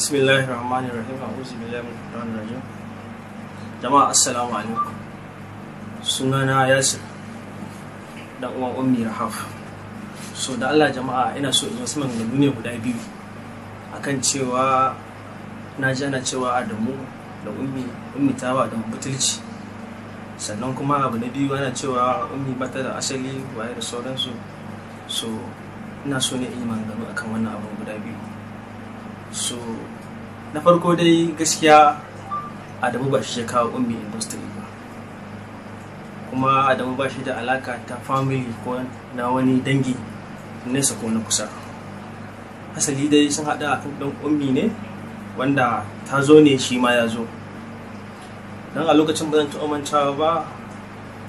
bismillahirrahmanirrahim a'udhu billahi min shaitanir rajim jama'a assalamu alaikum sunana yasir dan uwa ummi rahaf so da Allah jama'a ina so in wasu maganganu ne guda biyu akan cewa na ji ana cewa Adamu da ummi ummi ta ba da butulci sannan kuma abu na biyu ana cewa ummi bata da asali waye da sauransu so ina so ne in maganganu akan na farko dai gaskiya adamu ba shi ya kawo ummi industry ba kuma adamu ba shi da alaka ta family ko na wani dangi nesa ko na kusa asali dai sun hada a kan ummi ne wanda ta zo ne shi ma ya zo don a lokacin ba zan ta umantawa ba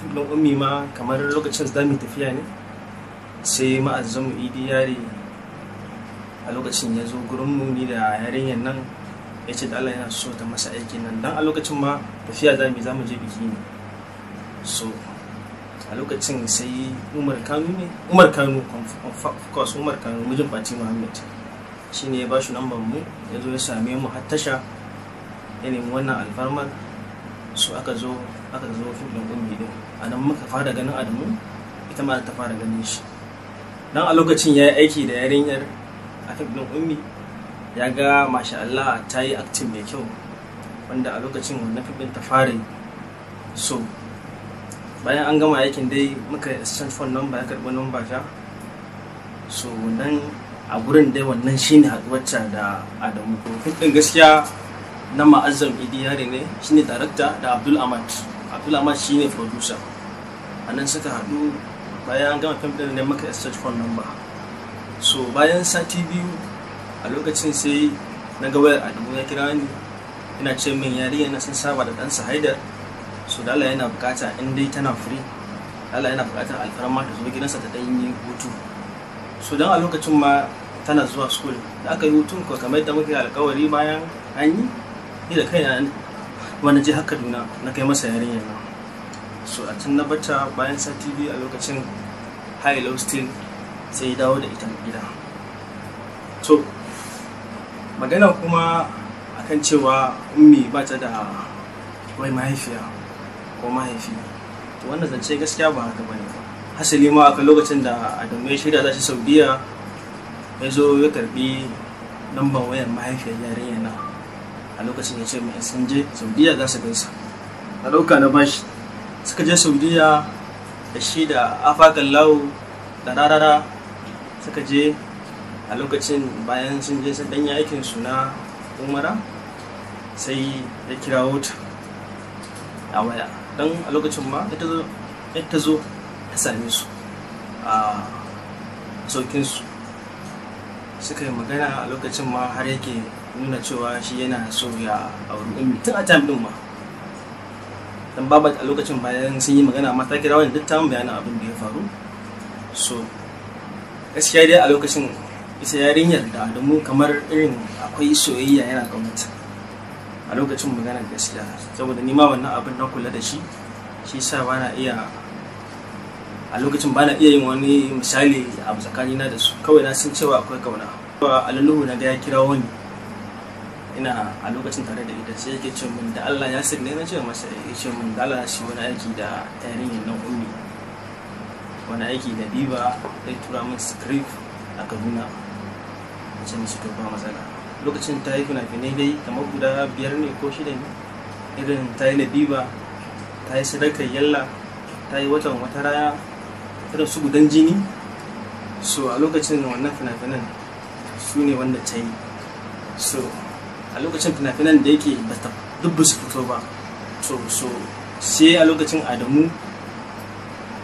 dan ummi ma kamar lokacin da mu tafiya ne sai ma'azzamu idi yare a lokacin ya zo mu ni da yarinyar nan ya ce da Allah yana so ta masa aikin nan dan a lokacin ma tafiya za mu za mu je biki ne so a lokacin sai Umar Kanu ne Umar Kanu of course Umar Kanu mijin Fati Muhammad shine ya bashi lambar mu ya zo ya same mu har tasha ya nemi wannan alfarmar so aka zo aka zo fim din kungi din a nan muka fara ganin Adamu ita ma ta fara ganin shi dan a lokacin ya yi aiki da yarinyar a fim din ummi ya ga masha Allah ta yi actin mai kyau wanda a lokacin wannan fibin ta fara so bayan an gama aikin dai muka yi exchange phone number ya karɓi number ta so nan a gurin dai wannan shine haɗuwarta da Adamu ko din gaskiya na ma'azzam idi yare ne shine director da Abdul Ahmad Abdul Ahmad shine producer a nan suka haɗu bayan an gama fim ɗin ne muka yi exchange phone number so bayan sati biyu a lokacin sai na ga wayar adamu ya kira ni ina ce min yariya na sun saba da ɗansa haidar su dala yana bukata in dai tana firi dala yana bukatar alfarma ta zo gidansa ta ɗan yi hutu su don a lokacin ma tana zuwa school da aka yi hutun ko kamar yadda muke alkawari bayan an yi ni da kaina wani je haka duna na kai masa yarinya na so a can na bata bayan sati biyu a lokacin high low steel sai dawo da ita gida to magana kuma akan cewa ummi ba ta da wai mahaifiya ko mahaifi to wannan zance gaskiya ba haka bane hasali ma aka lokacin da adamu ya shirya zashi saudiya ya zo ya karbi lambar wayar mahaifiyar yarinya na a lokacin ya ce mai sun je saudiya za su gaisa a ɗauka na bashi suka je saudiya da shi da afakan lawo da rarara suka je a lokacin bayan sun je sun ɗanyi aikin su na umara sai ya kira wuta a waya don a lokacin ma ta zo ta same su a saukinsu suka yi magana a lokacin ma har yake nuna cewa shi yana so ya auri ummi tun a time ma dan baba a lokacin bayan sun yi magana mata kira wani duk tamu bayanin abin da ya faru so gaskiya dai a lokacin ita yarinyar da adamu kamar irin akwai soyayya yana gwamnati a lokacin maganar gaskiya saboda nima wannan abin na kula da shi shi sa ba na iya a lokacin ba na iya yin wani misali a na da su kawai na sun cewa akwai kauna alaluhu na ga ya kira wani ina a lokacin tare da ita sai yake ce min da Allah ya sirne na ce masa ya eh, ce min da Allah shi wani aiki da yarinyar nan ummi wani aiki da biba zai tura min script a kaduna ce mishi to matsala lokacin ta yi fina-finai dai kamar guda biyar ne ko shida ne irin ta yi nabiba ta yi sadakar yalla ta yi watan wata raya irin su gudan jini so a lokacin wannan fina-finan su ne wanda ta yi so a lokacin fina-finan da yake ba ta dubba su fito ba so so sai a lokacin adamu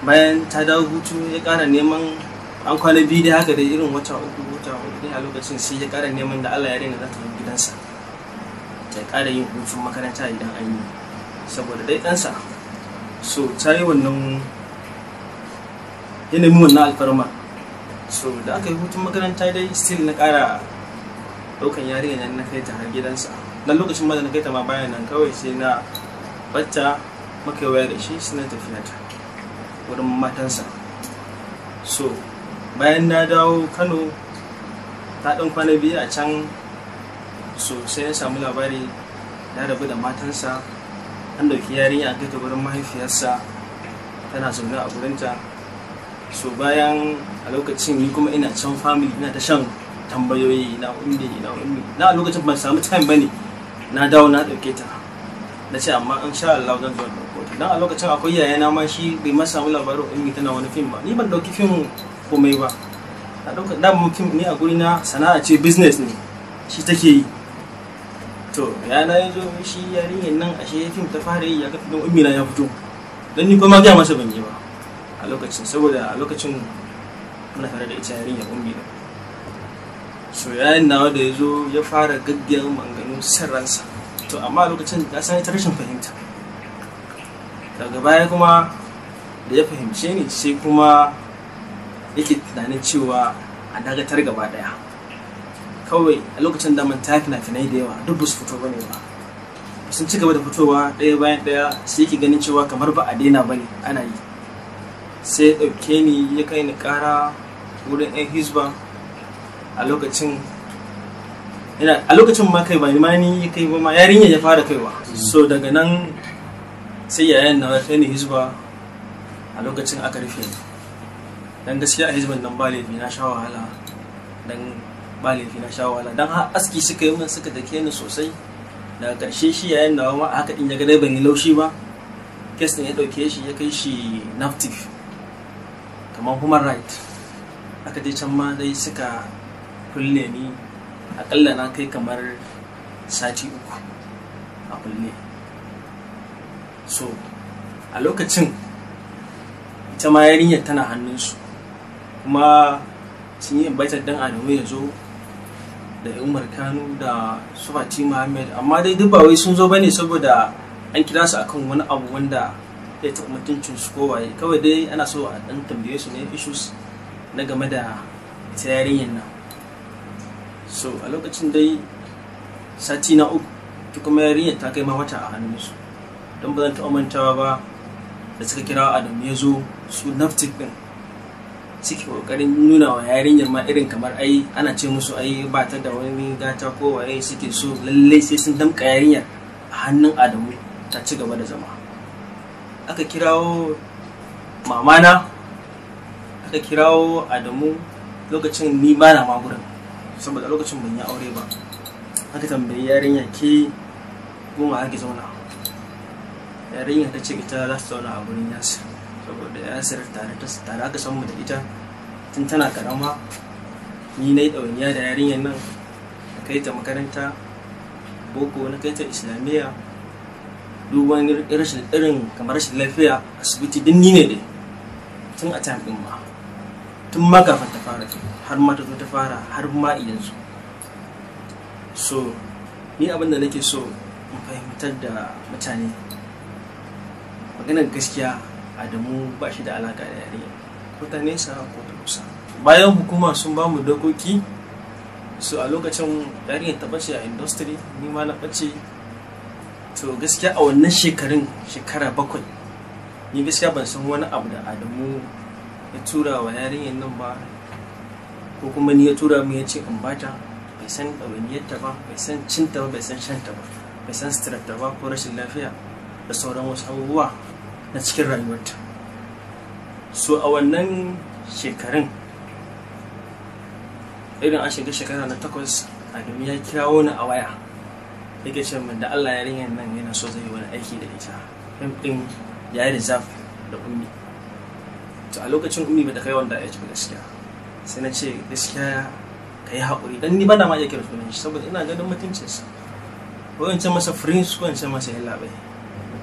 bayan ta dawo hutu ya kara neman an kwana biyu da haka da irin wata uku wata uku a lokacin sai ya kara neman da Allah ya daina zata yi gidansa ta kara yin hutun makaranta idan an yi saboda dai ɗansa so ta yi wannan yanayin wannan alfarma so da aka yi hutun makaranta dai still na kara ɗaukan yarinya nan na kai ta har gidansa dan lokacin ma da na kai ta ma bayan nan kawai sai na batta maka waya da shi suna tafiya ta wurin matansa so bayan na dawo kano ta ɗan kwana biyu a can so sai ya samu labari ya rabu da matansa an ɗauki yarinya a kai ta wurin mahaifiyarsa tana zaune a gurinta so bayan a lokacin ni kuma ina can family ina ta shan tambayoyi na ummi na ummi na a lokacin ban samu time bane na dawo na ɗauke ta na ce amma in sha Allah zan zo da kotu dan a lokacin akwai yayana ma shi bai ma samu labarin ummi tana wani fim ba ni ban ɗauki fim komai ba a ɗauka da mutum ne a guri na sana'a ce business ne shi take yi to ya na yanzu shi yarinyar nan ashe fim ta fara yi ya ga don umina ya fito don ni kuma gaya masa ban yi ba a lokacin saboda a lokacin muna tare da ita yarinyar ummi da so yi nawa da ya zo ya fara gaggiyar maganganun sirransa to amma lokacin ya san ita rashin fahimta daga baya kuma da ya fahimce ni sai kuma yake tunanin cewa a dagatar gaba daya kawai a lokacin da man tafi na finai da yawa duk ba su fito bane ba sun ci gaba da fitowa ɗaya bayan ɗaya sai yake ganin cewa kamar ba a daina ne, ana yi sai ɗauke ni ya kai ni ƙara wurin yan hisba a lokacin ina a lokacin ma kai ba ma ni ya kai ba ma yarinya ya fara kaiwa so daga nan sai yayan na kai ni hisba a lokacin aka rufe ni dan gaskiya a hizban nan ba laifi na sha wahala dan ba laifi na sha wahala dan har aski suka yi min suka dake ni sosai daga karshe shi yayin da ma haka in ya ga dai ban yi laushi ba kes din ya dauke shi ya kai shi naftif kamar human right aka dai can ma dai suka kulle ni akalla na kai kamar sati uku a kulle so a lokacin ita ma yarinyar tana hannunsu kuma sun yi invite dan adamu ya zo da umar kanu da Sufati muhammad amma dai duk ba wai sun zo bane saboda an kira su akan wani abu wanda ya taɓa mutuncin su ko waye kawai dai ana so a dan tambaye su ne issues na game da ta yarinyar nan so a lokacin dai sati na uku ta kuma yarinyar ta kai ma wata a hannunsu don ba zan taɓa mantawa ba da suka kira adamu ya zo su naftik din suke kokarin nuna wa yarinyar ma irin kamar ai ana ce musu ai ba ta da wani gata ko waye suke so lallai sai sun damka yarinyar a hannun adamu ta ci gaba da zama aka kirawo mamana aka kirawo adamu lokacin ni ba na magurin saboda lokacin ban yi aure ba aka tambayi yarinya ke goma ake zauna yarinya ta ce ita za su zauna a gurin yasir saboda ya sayar tare ta tare aka samu da ita tun tana karama ni na yi ɗauniya da yarinyar nan na kai ta makaranta boko na kai ta islamiyya duban rashin irin kamar rashin lafiya asibiti din ni ne dai tun a time ma tun ma kafin ta fara har ma ta zo ta fara har ma yanzu so ni abinda da nake so in fahimtar da mutane maganar gaskiya adamu ba shi da alaka da yarinya ko ta nesa ko ta kusa bayan hukuma sun ba mu dokoki su a lokacin yarinyar ta bace a industry ni ma na bace to gaskiya a wannan shekarun shekara bakwai ni gaskiya ban san wani abu da adamu ya tura wa yarinyar nan ba ko kuma ni ya tura mu ya ce in bata bai san ɗawainiyarta ba bai san cinta ba bai san shanta ba bai san ba ko rashin lafiya da sauran wasu abubuwa na cikin rayuwarta so a wannan shekarun irin an shiga shekara na takwas domin ya kirawo ni a waya yake ce min da Allah ya rinya nan yana so zai yi wani aiki da ita fim din ya yi rizaf da ummi to a lokacin ummi ba ta kai wanda ya ci gaskiya sai na ce gaskiya ka yi haƙuri dan ni ba na ma yake kira shi saboda ina ganin mutuncinsa ko in ce masa prince ko in ce masa yallaɓai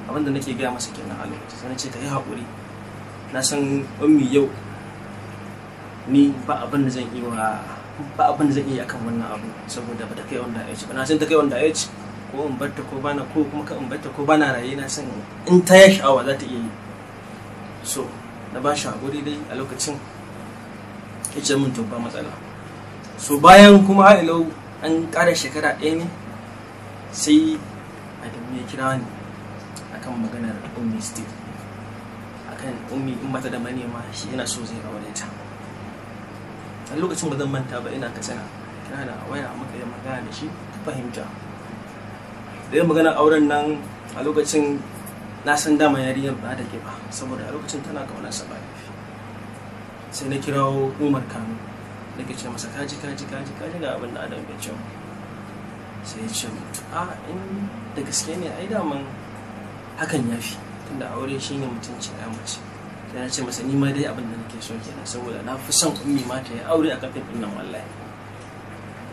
abinda nake gaya masa kenan a lokacin sai ce ta yi haƙuri na san ummi yau ni ba abin da zan iya ba abin da zan iya akan wannan abu saboda ba ta kai wanda yace ba na san ta kai wanda yace ko in barta ko bana ko kuma ka in barta ko bana raye na san in ta ya sha'awa za ta iya yi so na ba shi haƙuri dai a lokacin ya ce min to ba matsala so bayan kuma ha'ilau an ƙara shekara ɗaya ne sai a ya kira ni akan maganar ummi steve akan ummi in bata da manema shi yana so zai aure ta a lokacin ba zan manta ba ina katsina kana da waya maka yi magana da shi ta fahimta da yin maganar auren nan a lokacin na san dama yarinyar ba da ke ba saboda a lokacin tana kauna sa ba sai na kirawo umar kano ke ce masa kaji kaji kaji kaji ga abin da adam bai ce sai ya ce a ah, in da gaske ne ai daman hakan ya fi tunda aure shi ne mutunci ya mace ta na ce masa ni ma dai abin da nake so kenan saboda na fi son ummi ma ta yi aure a kafin nan wallahi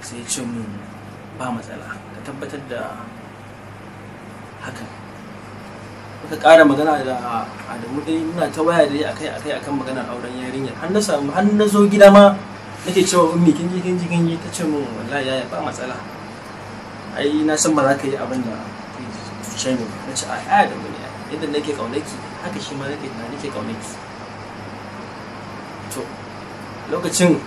sai ya ce min ba matsala ka tabbatar da hakan muka ƙara magana da Adamu dai muna ta waya dai akai akai akan maganar auren yarinyar har na samu har na zo gida ma nake cewa ummi kin ji kin ji kin ji ta ce min wallahi yaya ba matsala ai na san ba za ka yi abin da shamin na a ya da muni yadda nake kaunaki haka shi ma nake ke kaunaki to lokacin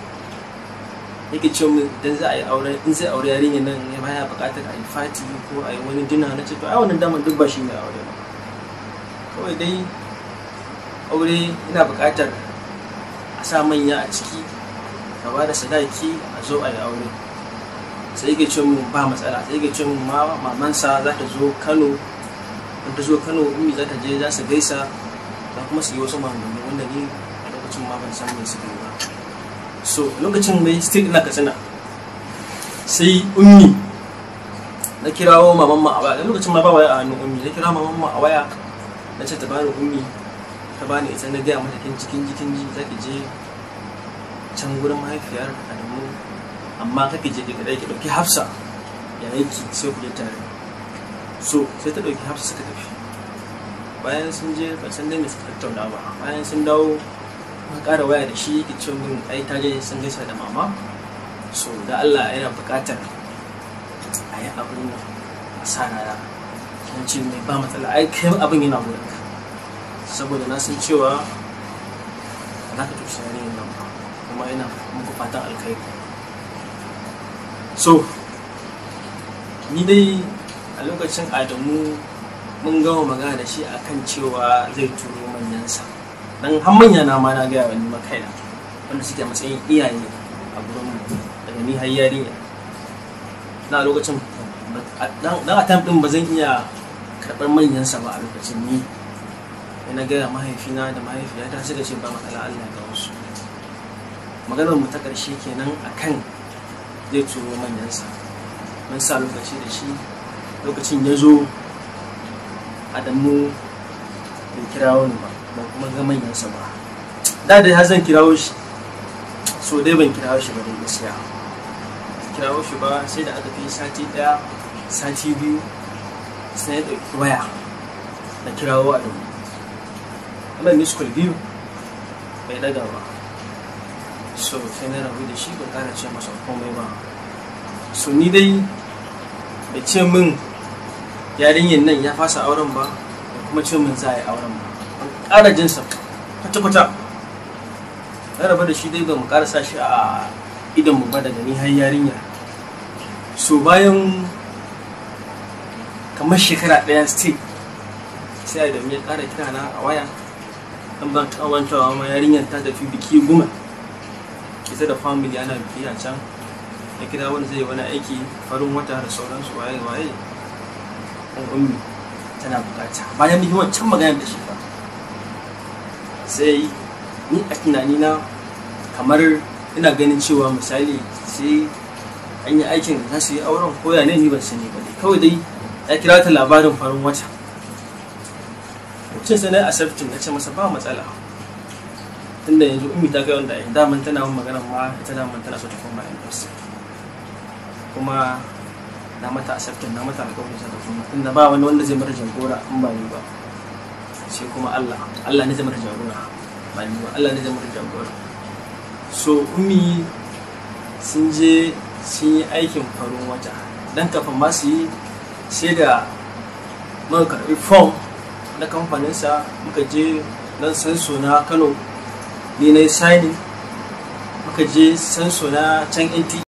yake ce mu dan za a yi aure in zai aure yarinya nan ya baya buƙatar a yi fati ko a yi wani dina na ce to ai wannan daman duk ba shi mai aure ba kawai dai aure yana buƙatar a sa manya a ciki ka ba da sadaki a zo a yi aure sai ke cin mun ba matsala sai ke cin mun mamansa za ta zo Kano in ta zo Kano ummi za ta je za su gaisa za kuma su yi wasu maganganu wanda ni a lokacin ma ban san me su yi ba so lokacin mai state na katsina sai ummi na kirawo maman ma a waya lokacin ma ba waya a hannun ummi na kira maman ma a waya na ce ta bani ummi ta bani ita na gaya mata kin jikin jikin ji za ki je can gurin mahaifiyar a amma kake je ka dai ki dauki hafsa ya yake sai ku je tare so sai ta dauki hafsa suka tafi bayan sun je ba san dai suka tattauna ba bayan sun dawo ka ƙara waya da shi ki ce min ai ta je sun gaisa da mama so da Allah yana buƙatar a yi abu a sa rana don ce mai ba matsala ai kai abin yana wurin ka saboda na san cewa za ka tushe ne nan kuma yana muku fatan alkhairi so ni dai a lokacin adamu mun gama magana da shi a kan cewa zai turo manyansa don har manya na ma na gaya wani makaina wanda suke matsayin iyaye a gurin daga ni har yarinya na lokacin dan atam din ba zan iya karɓar manyansa ba a lokacin ni na gaya mahaifina da mahaifiyata suka ce ba matsala Allah ga wasu maganar mu ta ƙarshe kenan akan zai turo manyansa mun sa lokaci da shi lokacin ya zo adamu bai kirawo ni ba ban kuma ga manyansa ba da da zan kirawo shi so dai ban kirawo shi ba dai gaskiya kirawo shi ba sai da aka fi sati daya sati biyu sai ya waya na kirawo adamu amma miss biyu bai daga ba so sai na da shi ba ƙara ce masa komai ba so ni dai da ce min yarinyar nan ya fasa auren ba da kuma ce min za a yi auren ba ban ƙara jinsa kwata-kwata na rabu da shi dai ba mu ƙara sa shi a idan mu ba daga ni har yarinya so bayan kamar shekara ɗaya still sai da mu ya ƙara kira na a waya an ban tawantawa ma yarinyar ta tafi biki goma kitse da family ana biki a can ya kira wani zai wani aiki farin wata da sauransu waye waye ummi tana bukata bayan bihi wancan maganar da shi fa sai ni a tunanina kamar ina ganin cewa misali sai an yi aikin za su yi auren koya ne ni ban sani ba kawai dai ya kira ta labarin farin wata mutum sai na asabtin na ce masa ba matsala tunda yanzu ummi ta kai wanda ai daman tana mun magana ma ita daman tana so ta koma NS kuma na mata acceptance na mata alƙawarin sa da kuma tunda ba wani wanda zai mata jagora in ba ni ba sai kuma Allah Allah ne zai mata jagora ba ni ba Allah ne zai mata jagora so ummi sun je sun yi aikin farin wata dan kafin ma su yi sai da muka karɓi form na kamfaninsa muka je nan san suna kano ni na yi signing je sanso na can nta e.